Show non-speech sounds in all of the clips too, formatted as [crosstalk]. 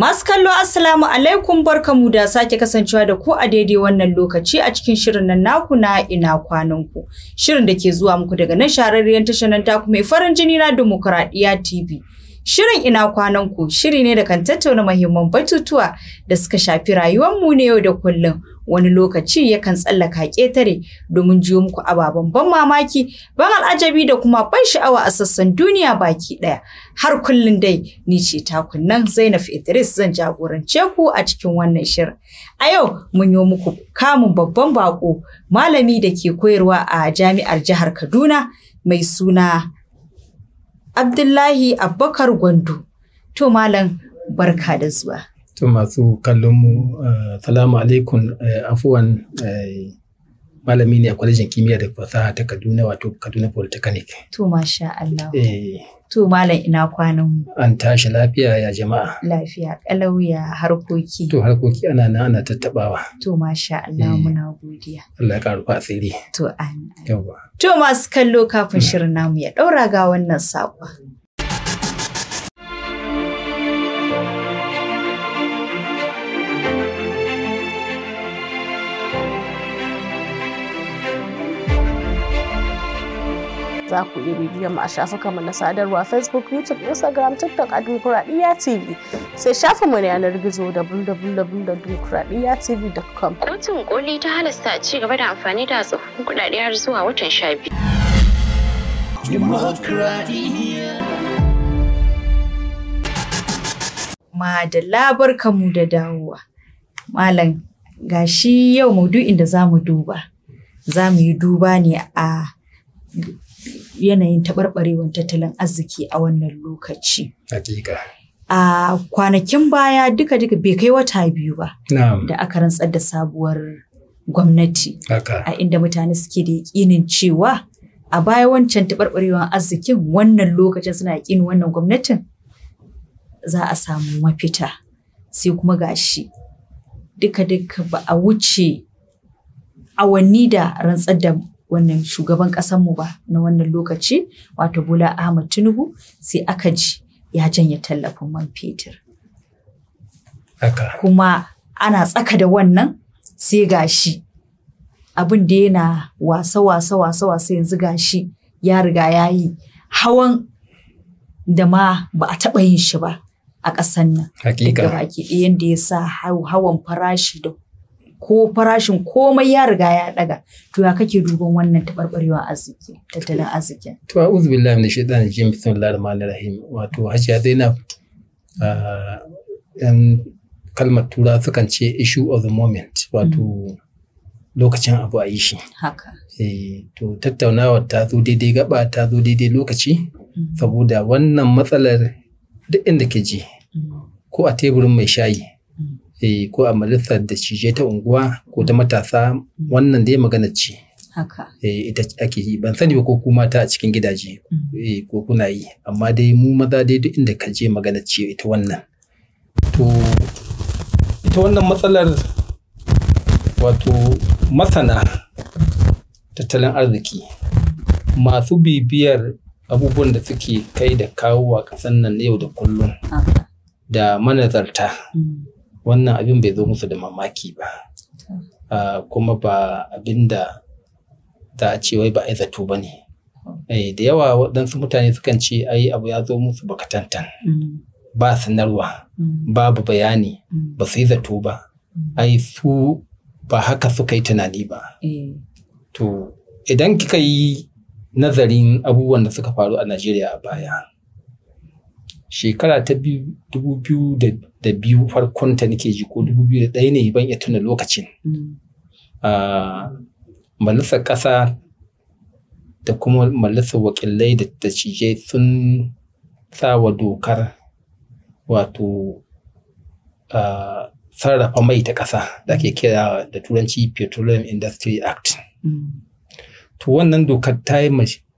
Masu kallo Assalamu alaikum barkamu da sake kasancewa da ku a daidai wannan lokaci a cikin shirin nan naku na ina kwananku. Shirin da ke zuwa muku daga nan shahararriyar tashar nan taku mai farin jini na Dimokuraɗiyya TV. Shirin ina kwananku shiri ne da kan tattauna muhimman batutuwa da suka shafi rayuwar mu ne yau da kullum. Wani lokaci yakan tsallaka ƙetare domin jiyo muku ababen ban mamaki, ban al'ajabi da kuma ban sha'awa a sassan duniya baki ɗaya. Har kullum dai ni ce takunnan Zainab Idris zan jagorance ku a cikin wannan shirin. A yau mun yi muku kamun babban baƙo malami da ke koyarwa a jami'ar jihar Kaduna mai suna Abdullahi Abubakar Gwandu. To Malam barka da zuwa. To masu kallon mu eh, salamu alaikum eh, afuwan eh, malami ne a kwalejin kimiyya da fasaha ta Kaduna wato Kaduna Polytechnic. To masha Allah. To Malam ina kwanan mu. An tashi lafiya ya jama'a. Lafiya kalauya harkoki. To harkoki ana nan ana tattabawa. To masha Allah eh. muna godiya. Allah ya karu asiri. To amin. To masu kallo kafin mm. shirin namu ya ɗaura ga wannan saƙon. za ku iya rediyon mu a shafukanmu na sadarwa facebook youtube instagram tiktok a dimokuraɗiyya tv sai shafinmu na yanar gizo www.dimokuraɗiyyatv.com kotun koli ta halasta ci gaba da amfani da tsofaffin kuɗaɗe har zuwa watan sha biyu Madalla barkamu da dawowa. Malam gashi yau maudu'in da za mu duba. Za mu yi duba ne a yanayin taɓarɓarewar tattalin arziki a wannan lokaci. A kwanakin baya duka duka bai kai wata biyu ba. Da aka rantsar da sabuwar gwamnati. A inda mutane suke da yaƙinin cewa a baya wancan taɓarɓarewar arzikin wannan lokacin suna yakinin wannan gwamnatin za a samu mafita. Sai kuma gashi duka duka ba a wuce awanni da rantsar da wannan shugaban mu ba na wannan lokaci wato Bola Ahmad Tinubu sai aka ji ya janye tallafin man fetur. Kuma ana tsaka da wannan sai gashi abin da yana wasa wasa wasa wasa yanzu gashi ya riga ya yi hawan da ma ba a taɓa yin shi ba a ƙasan nan. Hakika. Yadda ya sa hawan farashi da ko farashin komai ya riga ya daga to ya kake duban wannan tabarbarewa arziki tattalin arziki to a'udhu billahi minash shaitani rajim bismillahir rahmanir rahim wato hajiya zainab ah, yan kalmar tura sukan ce issue of the moment wato lokacin abu a yi shi haka eh to tattaunawa ta zo daidai gaba ta zo daidai lokaci mm-hmm. saboda wannan matsalar duk inda ke ji mm-hmm. ko a teburin mai shayi eh ko a majalisar da cije ta unguwa ko ta matasa wannan dai magana ce haka eh ita ake yi ban sani ba ko kuma ta a cikin gidaje mm. eh ko kuna yi amma dai mu maza dai duk inda ka je magana ce ita wannan to ita wannan matsalar wato masana tattalin arziki masu bibiyar abubuwan da suke kai da kawo a kasan nan yau da kullum da manazarta mm. wannan abin bai zo musu da mamaki ba uh, kuma ba abin da ta ce wai ba zato ba ne eh, da yawa waɗansu mutane sukan ce ai abu ya zo musu tantan. Mm. ba sanarwa mm. babu bayani mm. ba su yi zato ba ai su ba haka suka yi tunani ba eh. to idan kika yi nazarin abubuwan da suka faru a najeriya a baya shekara ta dubu biyu da biyu farkon ta nake ji ko dubu biyu da ɗaya ne ban iya tuna lokacin hmm. ah, majalisar ƙasa da kuma malasa wakilai da dattijai sun sa wa dokar wato ah, sarrafa mai ta ƙasa da ake kira da turanci petroleum industry act hmm. to wannan dokar ta yi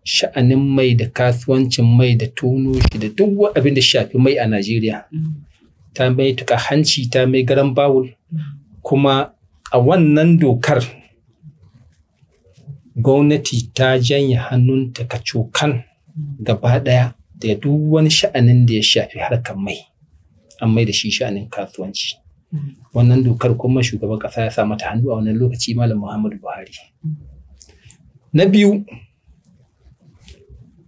sha'anin mai da kasuwancin mai da tono shi da duk abin da shafi mai a Najeriya. Mm. Ta mai tuka hanci ta mai garan bawul mm. kuma a wannan dokar gwamnati ta janye hannunta kacokan mm. gaba ɗaya da duk wani sha'anin da ya shafi harkar mai an mai da shi sha'anin kasuwanci. Wannan dokar kuma shugaban ƙasa ya sa mata hannu a wannan lokaci Malam Muhammadu Buhari. Na biyu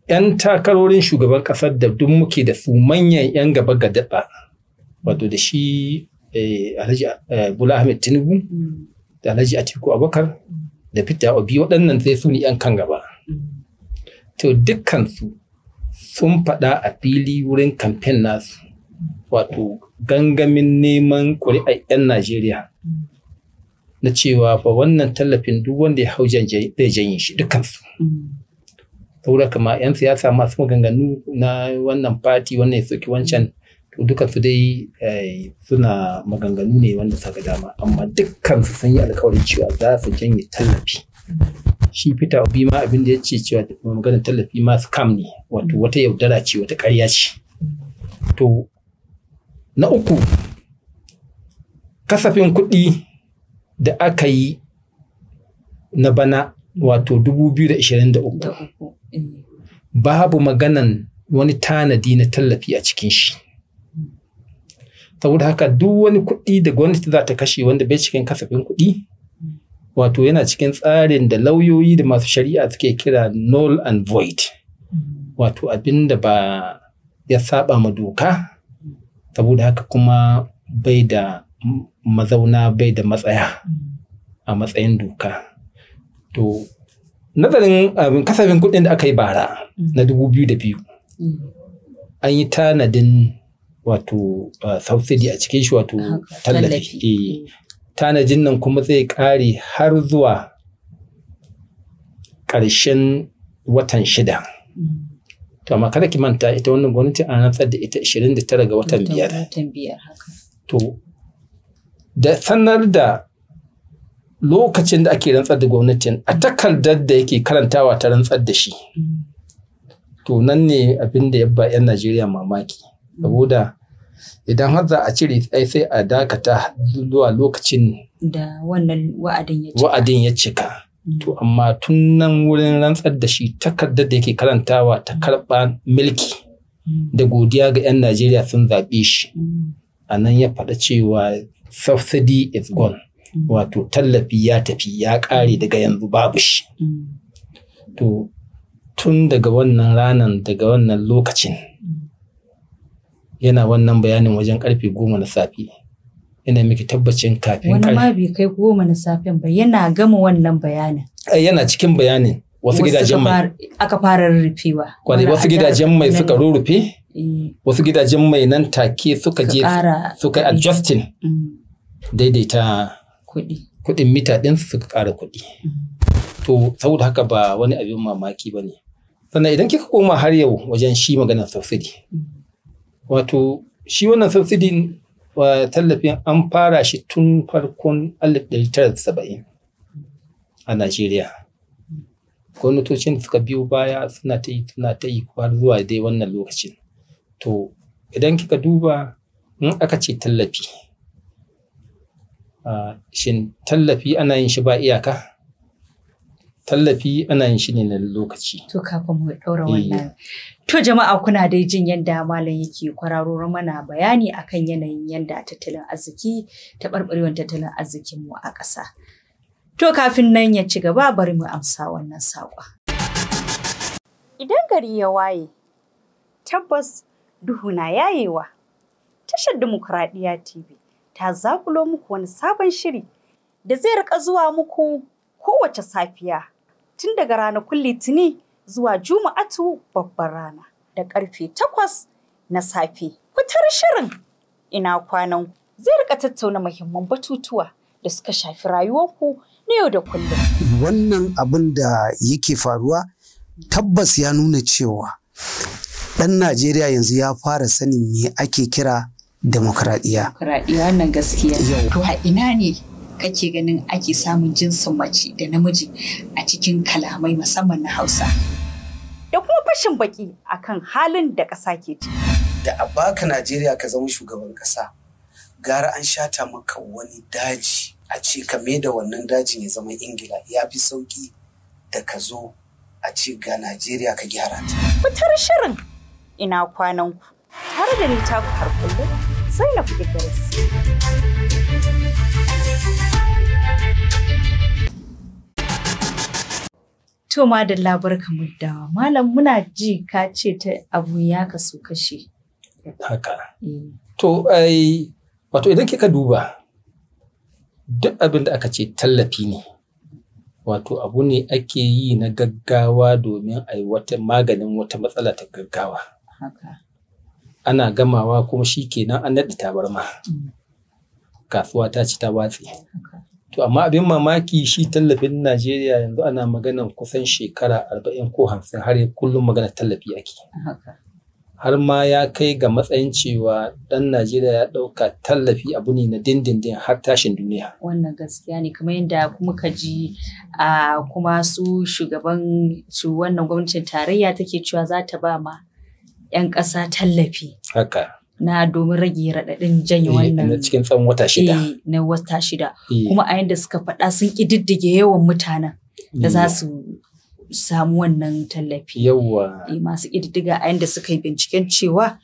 'yan takarorin shugaban ƙasar da duk muke da su manyan 'yan gaba ga daɗa wato da shi eh, alhaji eh, bula ahmed tinubu da alhaji atiku abubakar da fita obi waɗannan sai su ne 'yan kan gaba to dukkansu sun faɗa a fili wurin kamfen nasu wato gangamin neman ƙuri'ar 'yan najeriya na cewa fa wannan tallafin duk wanda ya hau zai janye shi dukkansu. saboda kama 'yan siyasa masu maganganu na wannan fati wannan ya soki wancan to duka su dai eh, suna maganganu ne wanda saka dama amma dukkan su sun yi alkawarin cewa za su janye tallafi shi fita Obi ma abin da ya ce cewa maganar tallafi masu kam ne wato wata yaudara ce wata ƙarya ce to na uku kasafin kuɗi da aka yi na bana wato 2023 babu maganan wani tanadi na tallafi a cikin shi saboda haka duk wani kuɗi da gwamnati za ta kashe wanda bai cikin kasafin kuɗi wato yana cikin tsarin da lauyoyi da masu shari'a suke kira null and void wato abin da ba ya saba ma doka saboda haka kuma bai da mazauna bai da matsaya a matsayin doka to nazarin abin um, kasafin kuɗin da aka yi bara mm. na 2002 mm. an yi tanadin wato uh, subsidy a cikin shi wato tallafi eh, tanajin nan kuma zai ƙare har zuwa ƙarshen watan shida mm. to amma kada ki manta ita wannan gwamnati an rantsar da ita 29 ga watan biyar to da sanar da lokacin da ake rantsar da gwamnatin a takardar da yake karantawa ta rantsar da shi to nan ne abin da ya ba 'yan najeriya mamaki saboda idan har za a cire tsaye sai a dakata zuwa lokacin da wannan wa'adin ya cika mm. to amma tun nan wurin rantsar da shi takardar da yake karantawa ta karɓa milki mm. da godiya ga 'yan najeriya sun zaɓe shi mm. a nan ya faɗa cewa subsidy is gone wato tallafi ya tafi ya ƙare mm. daga yanzu babu shi mm. to tun daga wannan ranan daga wannan lokacin mm. yana wannan bayanin wajen karfe goma na safe yana miki tabbacin kafin wani ma bai kai goma na safen ba yana gama wannan bayanin eh, yana cikin bayanin wasu gidajen mai aka fara rufewa kwanai wasu gidajen mai suka rurrufe eh. wasu gidajen mai nan take suka je suka adjusting daidaita kuɗi kuɗin mita su suka ƙara kuɗi to saboda haka ba wani abin mamaki ba ne sannan idan kika koma har yau wajen shi maganar subsidy wato shi wannan subsidy wa tallafin an fara shi tun farkon 1970 a Najeriya. Gwamnatocin suka biyo baya suna ta yi suna ta yi har zuwa dai wannan lokacin. To, idan kika duba in aka ce tallafi Ah, shin tallafi ana yin shi ba iyaka tallafi ana yin shi ne na lokaci to kafin mu daura eh. wannan to jama'a kuna dai jin yadda malam yake kwararo mana bayani akan yanayin yadda tattalin arziki ta ɓarɓarewar tattalin arzikin mu a ƙasa to kafin nan ya ci gaba bari mu amsa wannan saƙo. idan gari ya waye tabbas duhu na yayewa tashar dimokuraɗiyya tv ta zakulo muku wani sabon shiri da zai rika zuwa muku kowace safiya tun daga ranakun litini zuwa juma'atu babbar rana da karfe takwas na safe. kutar shirin ina kwanan zai rika tattauna muhimman batutuwa da suka shafi rayuwarku na yau da kullum. Wannan abin da yake faruwa tabbas ya nuna cewa ɗan Najeriya yanzu ya fara sanin me ake kira demokradiyya. Demokradiyya wannan gaskiya. To a ina ne kake ganin ake samun jinsin mace da namiji a cikin kalamai musamman na Hausa. Da kuma fashin baki a kan halin da ƙasa ke ci. Da a baka Najeriya ka zama shugaban ƙasa, gara an shata maka wani daji a ce ka da wannan dajin ya zama Ingila ya fi sauƙi da ka zo a ce ga Najeriya ka gyara ta. Fitar shirin ina kwanan ku. Tare da ni taku har kullum. Soy lo que quieres. To madalla mu da malam muna ji ka ce ta abu ya kasu kashe. Haka. Eh. To ai wato idan kika duba duk abin da aka ce tallafi ne. Wato abu ne ake yi na gaggawa domin a wata maganin wata matsala ta gaggawa. Haka. ana gamawa kuma shi kenan an naɗa tabarma kasuwa ta ci ta watse to amma abin mamaki shi tallafin najeriya yanzu ana maganan kusan shekara arba'in ko hamsin har kullum magana tallafi ake har ma ya kai ga matsayin cewa ɗan Najeriya ya ɗauka tallafi abu ne na dindindin har tashin duniya. Wannan gaskiya ne kamar yadda kuma ka ji ah, kuma su shugaban wannan gwamnatin tarayya take cewa za ta ba ma 'yan ƙasa tallafi. Haka. Na domin rage raɗaɗin janye eh, wannan. Na cikin tsawon wata shida. Eh, na wata shida. Eh. Kuma a yanda suka faɗa sun ƙididdige yawan mutanen da za su samu wannan tallafi. Yawwa. Masu ƙididdiga a yanda suka yi binciken cewa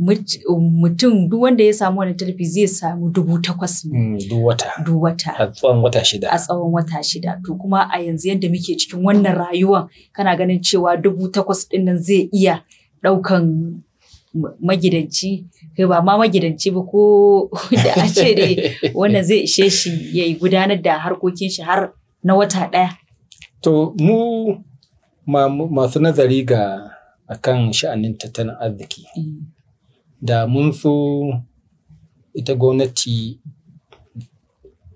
mutum duk wanda ya samu wani tallafi zai samu dubu takwas ne. Mm, duk wata. Duk wata. A tsawon wata shida. A tsawon wata shida. To kuma a yanzu yadda muke cikin wannan rayuwan kana ganin cewa dubu takwas ɗin nan zai iya ɗaukan magidanci kai ba ma magidanci ba ko [laughs] da a ce dai wannan zai ishe shi ya gudanar da harkokin shi har na wata ɗaya. To mu masu nazari ga akan sha'anin tattalin arziki mm. da mun so ita gwamnati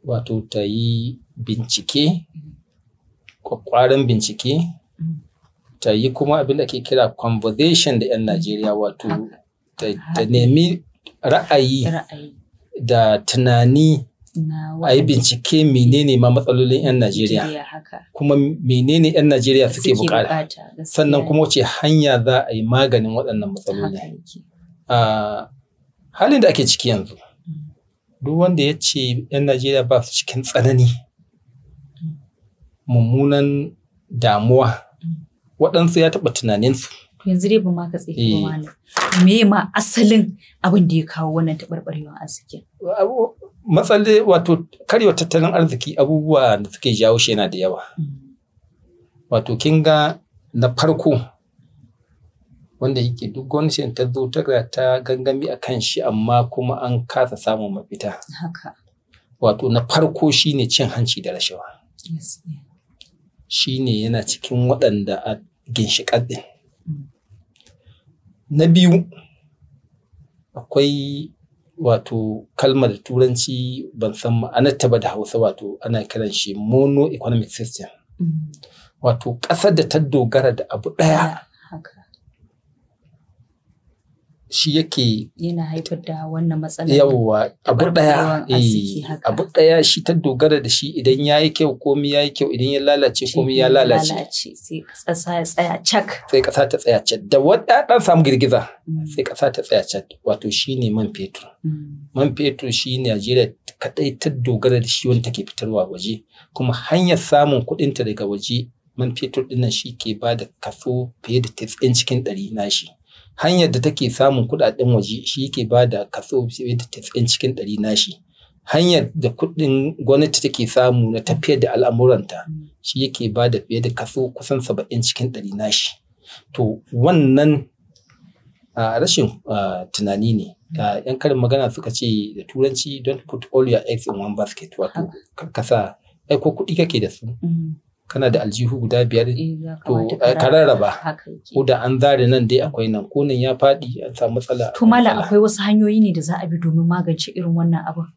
wato ta yi bincike kwakwaran bincike ta yi kuma abin da ke kira conversation da 'yan Najeriya wato ta nemi ra'ayi da tunani a yi bincike menene ma matsalolin 'yan Najeriya kuma menene 'yan Najeriya suke bukata sannan kuma wace hanya za a yi maganin waɗannan matsaloli. Halin da ake ciki yanzu, mm. duk wanda ya ce 'yan Najeriya ba su cikin tsanani, mm. mummunan damuwa. waɗansu ya taɓa tunaninsu. Yanzu dai ba ma ka tsaye ba Me ma asalin abin da ya kawo wannan taɓarɓarewar arziki? Matsale wato karyar tattalin arziki abubuwa da suke jawo shi yana da yawa. Mm. Wato kin ga na farko wanda yake duk gwamnatin ta zo ta gangami a kan shi amma kuma an kasa samun mafita. Haka. Wato na farko shine cin hanci da rashawa. Yes, Shi ne yana cikin waɗanda a ginshiƙar ɗin. Na biyu akwai wato kalmar turanci ban san ma'anarta ba da hausa wato ana kiran shi mono economic system. Mm. Wato ƙasar da ta dogara da abu ɗaya shi yake yana haifar da wannan matsalar yawwa abu daya eh, abu daya shi ta dogara da shi idan ya yi kyau komi ya yi kyau idan ya lalace komi ya lalace sai kasa ya tsaya cak sai kasa ta tsaya cak da wadda dan samu girgiza mm. sai kasa ta tsaya cak wato shine man fetur mm. man fetur shi Najeriya kadai ta dogara da shi wanda take fitarwa waje kuma hanyar samun ta daga waje man fetur dinnan shi ke ba da kaso fiye da 90 cikin ɗari na shi hanyar da take samun kuɗaɗen waje shi yake ba da kaso cikin ɗari nashi hanyar da kuɗin gwamnati take samu na tafiyar da al'amuranta shi yake ba da fiye da kaso kusan saba'in cikin ɗari nashi to wannan rashin tunani ne yan karin magana suka ce da turanci don't put all your eggs in one basket wato kasa ai ko kuɗi kake da su mm-hmm. kana da aljihu guda biyar eh, to eh, ka rarraba ko da an zare nan dai akwai nan ko ya faɗi a samu matsala to mala akwai wasu hanyoyi ne da za a bi domin magance irin wannan abin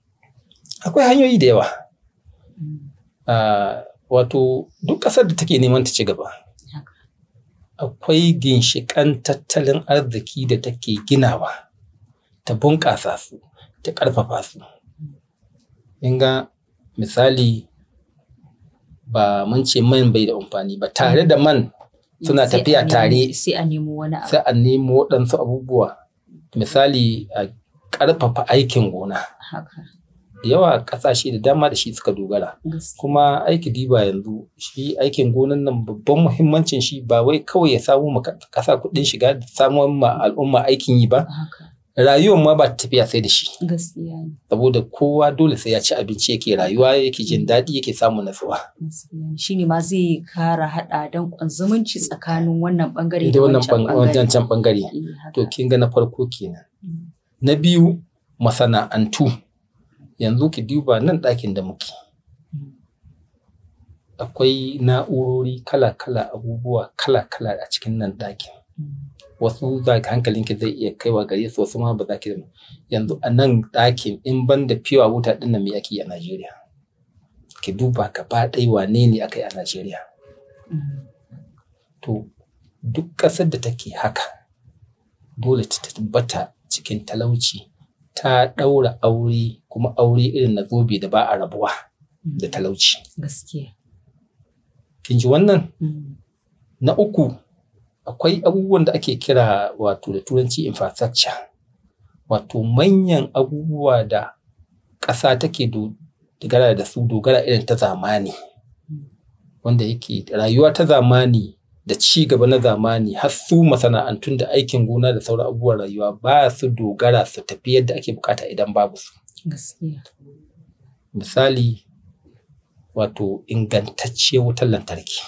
akwai hanyoyi da yawa mm. ah, wato duk ƙasar da take neman ta ci gaba akwai ginshiƙan tattalin arziki da take ginawa ta bunƙasa su ta ƙarfafa su. Mm. Inga misali ba mun ce man bai da amfani ba tare da man suna tafiya tare sai a nemo waɗansu abubuwa misali a ƙarfafa aikin gona yawa ƙasashe da dama da shi suka dogara kuma aiki diba yanzu shi aikin gonan nan babban muhimmancin shi ba wai kawai ya samu ma ƙasa kuɗin shiga da samun ma al'umma aikin yi ba rayuwar ma ba ta tafiya sai da shi. Gaskiya. Saboda kowa dole sai ya ci abinci yake rayuwa yake jin mm. daɗi yake samu natsuwa. Shi ne ma zai kara haɗa don zumunci tsakanin wannan bangare da wancan bangare. Eh, to kin ga na farko kenan. Mm. Na biyu masana'antu. Yanzu ki duba nan ɗakin da muke. Mm. Akwai na'urori kala-kala abubuwa kala-kala a cikin nan ɗakin. wasu za ka hankalinki zai iya kaiwa gare su wasu ma ba za ki da yanzu a nan ɗakin in ban da fiwa wuta ɗin nan me ake yi a Najeriya ki duba ka faɗai wane ne aka yi a Najeriya to duk ƙasar da take haka dole ta tabbata cikin talauci ta ɗaura aure kuma aure irin na zobe da ba a rabuwa da talauci gaskiya kin ji wannan mm. na uku akwai abubuwan da ake kira wato da turanci infrastructure wato manyan abubuwa da ƙasa take dogara da su dogara irin ta zamani wanda yake rayuwa ta zamani da ci gaba na zamani har su masana'antun da aikin gona da sauran abubuwan rayuwa ba su dogara su tafi yadda ake bukata idan babu su. Misali wato ingantacce wutar lantarki.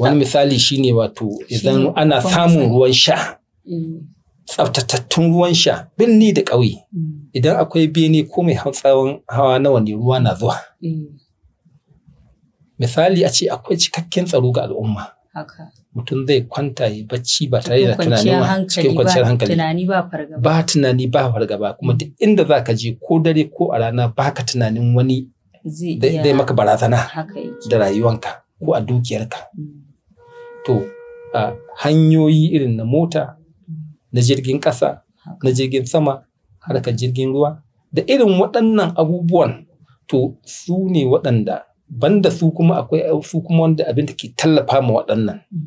wani misali shine wato idan ana samun ruwan sha mm. tsaftatattun ruwan sha birni da ƙauye mm. idan akwai bene ko mai tsawon hawa nawa ne ruwa na zuwa mm. misali a ce akwai cikakken tsaro ga al'umma mutum zai kwanta ya bacci ba tare da tunani ba cikin kwanciyar hankali ba tunani ba fargaba kuma duk inda za ka je ko dare ko a rana ba ka tunanin wani zai maka barazana da rayuwanka ko a dukiyarka to a hanyoyi irin na mota na jirgin ƙasa na jirgin sama harkar jirgin ruwa da irin waɗannan abubuwan to su ne waɗanda banda su kuma akwai su kuma wanda abin da ke tallafa ma waɗannan mm.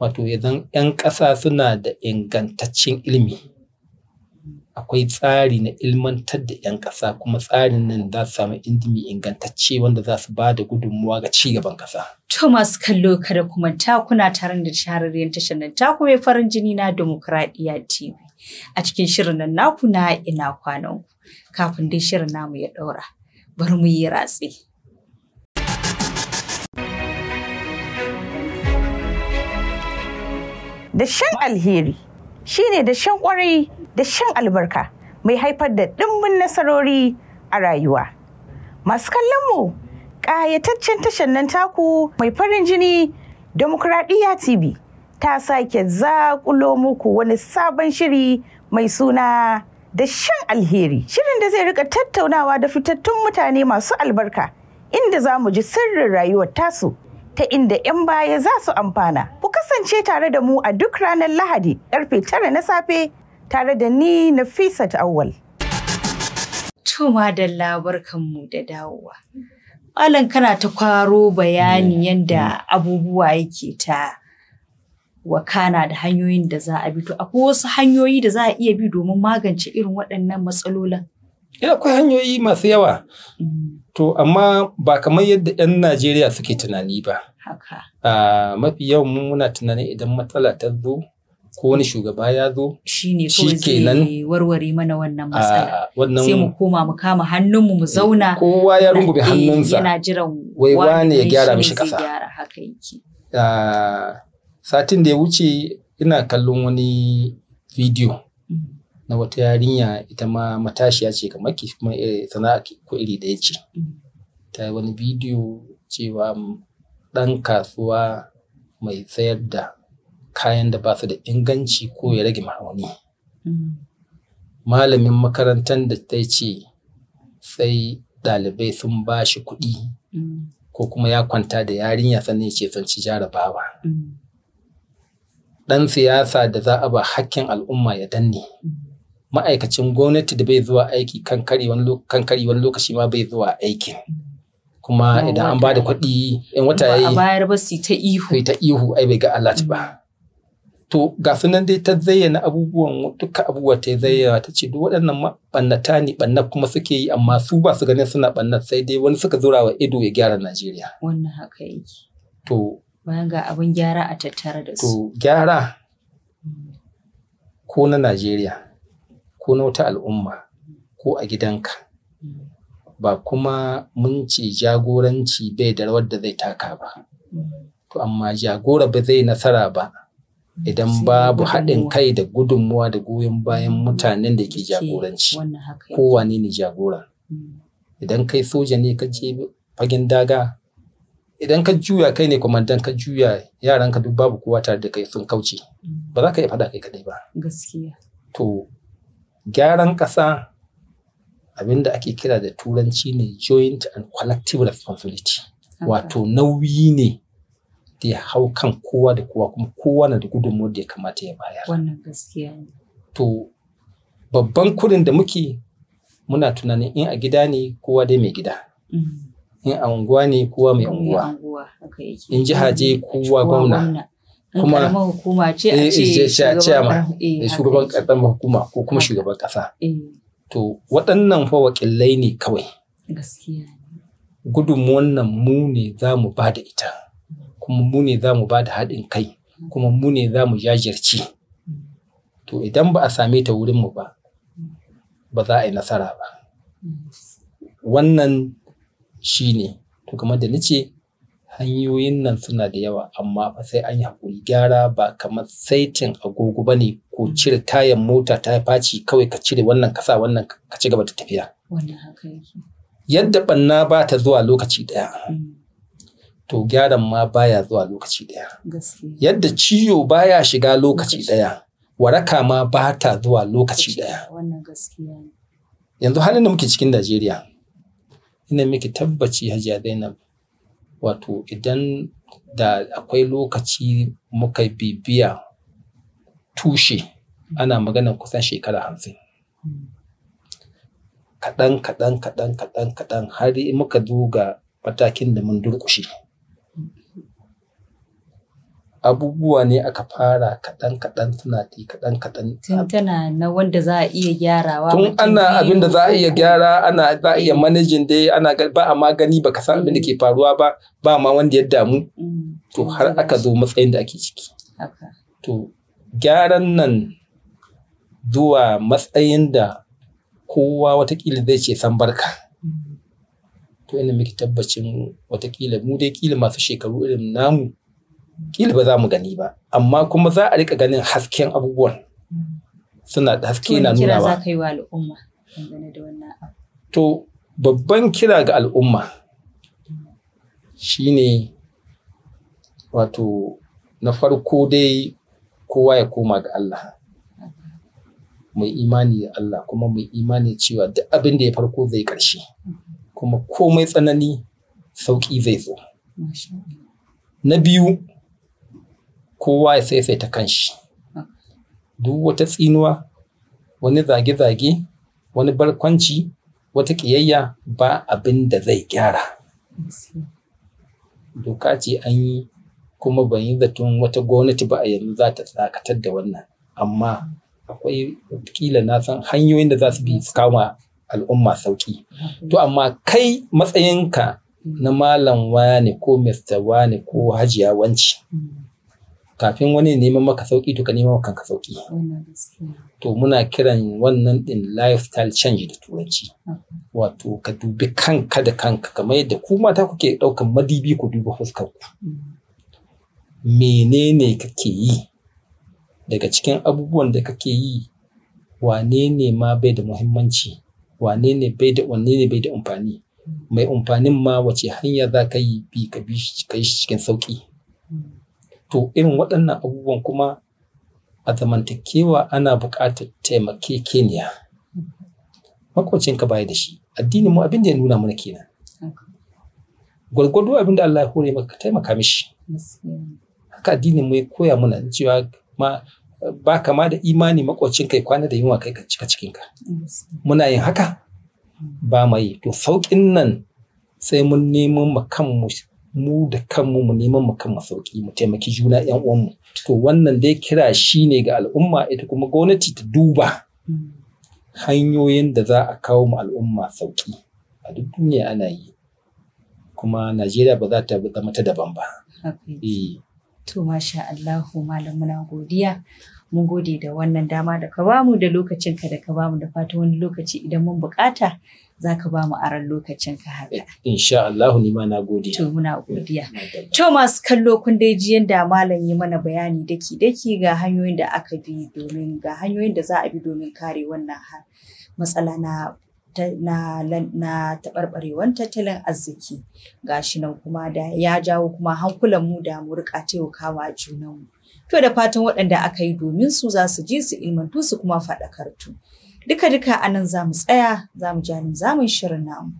wato idan 'yan ƙasa suna da ingantaccen ilimi akwai tsari na ilmantar da 'yan ƙasa kuma tsarin nan za su samu indimi ingantacce wanda za su ba da gudunmuwa ga ci gaban ƙasa. Thomas kallo kada kuma takuna tare da shahararriyar tashar nan ta kuma farin jini na demokuraɗiyya TV a cikin shirin nan naku na ina kwanan kafin dai shirin namu ya ɗaura bari mu yi ratsi. Da shan alheri. shine da shan kwarai da shan albarka mai haifar da ɗimbin nasarori a rayuwa. Masu kallon mu ƙayataccen tashar nan taku mai farin jini Demokuraɗiyya TV ta sake zaƙulo muku wani sabon shiri mai suna da shan alheri. Shirin da zai rika tattaunawa da fitattun mutane masu albarka inda za mu ji sirrin rayuwar tasu ta inda 'yan baya za su amfana. kasance tare da mu a duk ranar Lahadi karfe tara na safe tare da ni Nafisa Awwal. Tuma da labarkan mu da dawowa. Malam kana ta kwaro bayani mm, yadda mm. abubuwa yake ta wakana da hanyoyin da za a bi to akwai wasu hanyoyi da za a iya bi domin magance irin waɗannan matsalolin. Eh, akwai hanyoyi masu yawa. Mm. To amma ba kamar yadda 'yan Najeriya suke tunani ba. Haka. mafi yawan muna tunanin idan matsala ta zo ko wani shugaba ya zo shi kenan warware mana wannan matsala sai mu koma mu kama hannunmu mu zauna kowa ya rungume hannunsa yana jiran wai wani ya gyara mishi kasa satin da ya wuce ina kallon wani bidiyo mm. na wata yarinya ita ma matashiya ce kamar ki kuma eh, sana'a ko iri daya ce mm. ta wani bidiyo cewa ɗan kasuwa mai tsayar da kayan da ba su da inganci ko ya rage ma'auni. Malamin makarantar da ta ce sai ɗalibai sun ba shi kuɗi ko kuma ya kwanta da yarinya sannan ya ce sun ci jarabawa. Ɗan siyasa da za a ba hakkin al'umma ya danne. Ma'aikacin gwamnati da bai zuwa aiki kan kari wani lokaci ma bai zuwa aikin. kuma idan an ba da kuɗi in wata yayi a bayar ba su ta ihu ta ihu ai bai ga Allah ba mm. to ga sunan dai ta zayyana abubuwan duka abubuwa ta zayyana ta ce duk waɗannan ma bannata ne bannan kuma suke yi amma su ba su ganin suna bannan sai dai wani suka zura wa ido ya gyara Najeriya wannan haka yake to bayan ga abin gyara a tattara da su to gyara ko na Najeriya ko na wata al'umma ko a gidanka ba kuma mun ce jagoranci bai da rawar da zai taka ba. To amma jagora ba zai nasara ba idan babu haɗin kai da gudunmuwa da goyon bayan mm. mutanen da ke jagoranci. Kowa ne ne jagora. Mm. Idan kai soja ne ka je fagen daga, idan ka juya kai ne kwamandan ka juya yaranka duk babu kowa tare da kai sun kauce. Mm. Ba za ka iya faɗa kai kaɗai ba. Gaskiya. To, gyaran ƙasa Abin da ake kira da turanci ne joint and collective responsibility wato nauyi ne da ya hau kan kowa da kowa kuma kowa na da gudunmuwar da ya kamata ya bayar wannan gaskiya to babban kurin da muke muna tunanin in a gida ne kowa dai mai gida mm-hmm. in a unguwa ne kowa mai unguwa in jiha je mm-hmm. kowa gwamna kuma hukuma ce a eh, ce eh, shugaban eh, hukuma ko kuma shugaban kasa To waɗannan fa wakilai ne kawai. Gaskiya. nan mu ne za mu ba da ita, kuma mu ne za mu ba da haɗin kai, kuma mu ne za mu jajirce. To idan ba a same ta wurinmu ba, ba za a yi nasara ba. Mm. Wannan shi ne, to kamar da nace hanyoyin nan suna da yawa amma fa sai an yi hakuri. gyara ba kamar saitin agogo ba ne ko cire tayan mota ta faci kawai ka cire wannan kasa wannan ka ci gaba da tafiya. Yadda banna ba ta zuwa lokaci ɗaya. Mm. To gyaran ma baya zuwa lokaci ɗaya. Yadda ciwo baya shiga lokaci ɗaya. Waraka ma ba ta zuwa lokaci ɗaya. Yanzu halin da muke cikin Najeriya. Ina miki tabbaci Hajiya Zainab. wato idan da akwai lokaci muka bibiya tushe ana maganan kusan shekara hamsin kaɗan kaɗan kaɗan kaɗan kaɗan har muka zo ga matakin da mun durƙushe abubuwa ne aka fara kaɗan kaɗan tana kaɗan kaɗan tun tana na wanda za a iya gyarawa tun ana abin da za a iya gyara ana za a iya managing dai ana ba a magani ba ka san abin da ke faruwa ba ba ma wanda ya damu mm. to har aka zo matsayin da ake ciki to gyaran nan zuwa matsayin da kowa watakila zai ce san barka mm. to ina muke tabbacin watakila mu dai kila masu shekaru irin namu kila ba za mu gani ba amma kuma za a rika ganin hasken abubuwan suna da haske na nuna ba to babban kira ga al'umma shine wato na farko dai kowa ya koma ga Allah mai imani da Allah kuma mai imani cewa duk abin da ya farko zai ƙarshe kuma komai tsanani sauƙi zai zo na biyu kowa ya saisaita kanshi duk wata tsinuwa wani zage-zage wani barkwanci wata ƙiyayya ba abin da zai gyara doka ce an yi kuma ban yi zaton wata gwamnati ba a yanzu za ta tsakatar da wannan amma akwai kila na san hanyoyin da za su bi su kama al'umma sauki to amma kai matsayinka na malam wane ko mr wane ko hajiya wanci kafin wani neman maka sauki to ka nema maka kanka sauki to muna kiran wannan din lifestyle change da turanci wato ka dubi kanka da kanka kamar yadda ku mata kuke daukan madibi ku duba fuskar ku mm. menene kake yi daga cikin abubuwan da kake yi wane ne ma bai da muhimmanci wane ne bai da wane ne bai da amfani mm. mai amfanin ma wace hanya za ka yi bi ka bi shi cikin sauki mm. to irin waɗannan abubuwan kuma a zamantakewa ana buƙatar taimake keniya. makwacin ka baya da shi addinin mu abin da ya nuna mana kenan gwargwado abin da Allah ya hore maka taimaka mishi haka addinin mu ya koya mana cewa ma ba kama da imani makwacin kai kwana da yunwa kai ka cika cikin ka muna yin haka ba mai to sauƙin nan sai mun neman mu mu da kanmu mu neman mu kan masauki mu taimaki juna yan uwanmu to wannan dai kira shi ne ga al'umma ita kuma gwamnati ta duba hanyoyin da za a kawo mu al'umma sauki a duk duniya ana yi kuma najeriya ba za ta zama ta daban ba eh. to masha Allahu malam muna godiya mun gode da wannan dama da ka bamu da lokacinka da ka bamu da fata wani lokaci idan mun bukata za ka bamu aran lokacinka haka. Insha Allah ni ma na gode. To muna godiya. To masu kallo kun dai ji yanda malam yi mana bayani daki daki ga hanyoyin da aka bi domin ga hanyoyin da za a bi domin kare wannan matsala na na, na taɓarɓarewar tattalin arziki gashi nan kuma da ya jawo kuma hankulan mu da mu rika taimakawa mu. To da fatan waɗanda aka yi domin su za su ji su ilmantu su kuma faɗakartu. Duka-duka a nan za mu tsaya za mu nan zamun shirin namu.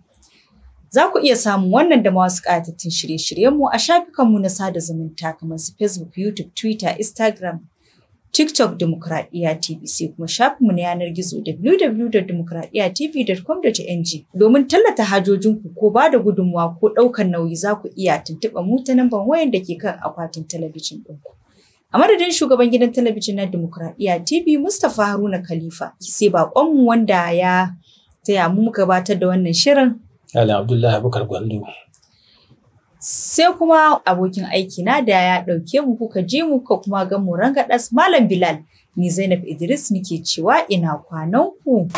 Za ku iya samun wannan da ma wasu ƙayatattun shirye-shiryenmu a shafukanmu na sada zumunta kamar su Facebook, YouTube, Twitter, Instagram, TikTok Demokradiyya TV sai kuma shafinmu na yanar gizo www.demokradiyyatv.com.ng domin tallata hajojinku ko ba da gudunmawa ko ɗaukar nauyi za ku iya tuntuɓa mu ta namban wayan da ke kan akwatin talabijin ɗinku. A madadin shugaban gidan talabijin na Demokuraɗiyya TV Mustapha Haruna Khalifa, sai baƙonmu wanda ya taya mu gabatar da wannan shirin. Ala Abdullahi Abubakar Gwando. Sai kuma abokin aiki na da ya ɗauke mu kuka je mu ka kuma ga mu rangaɗas Malam Bilal. Ni Zainab Idris nike cewa ina kwanan ku.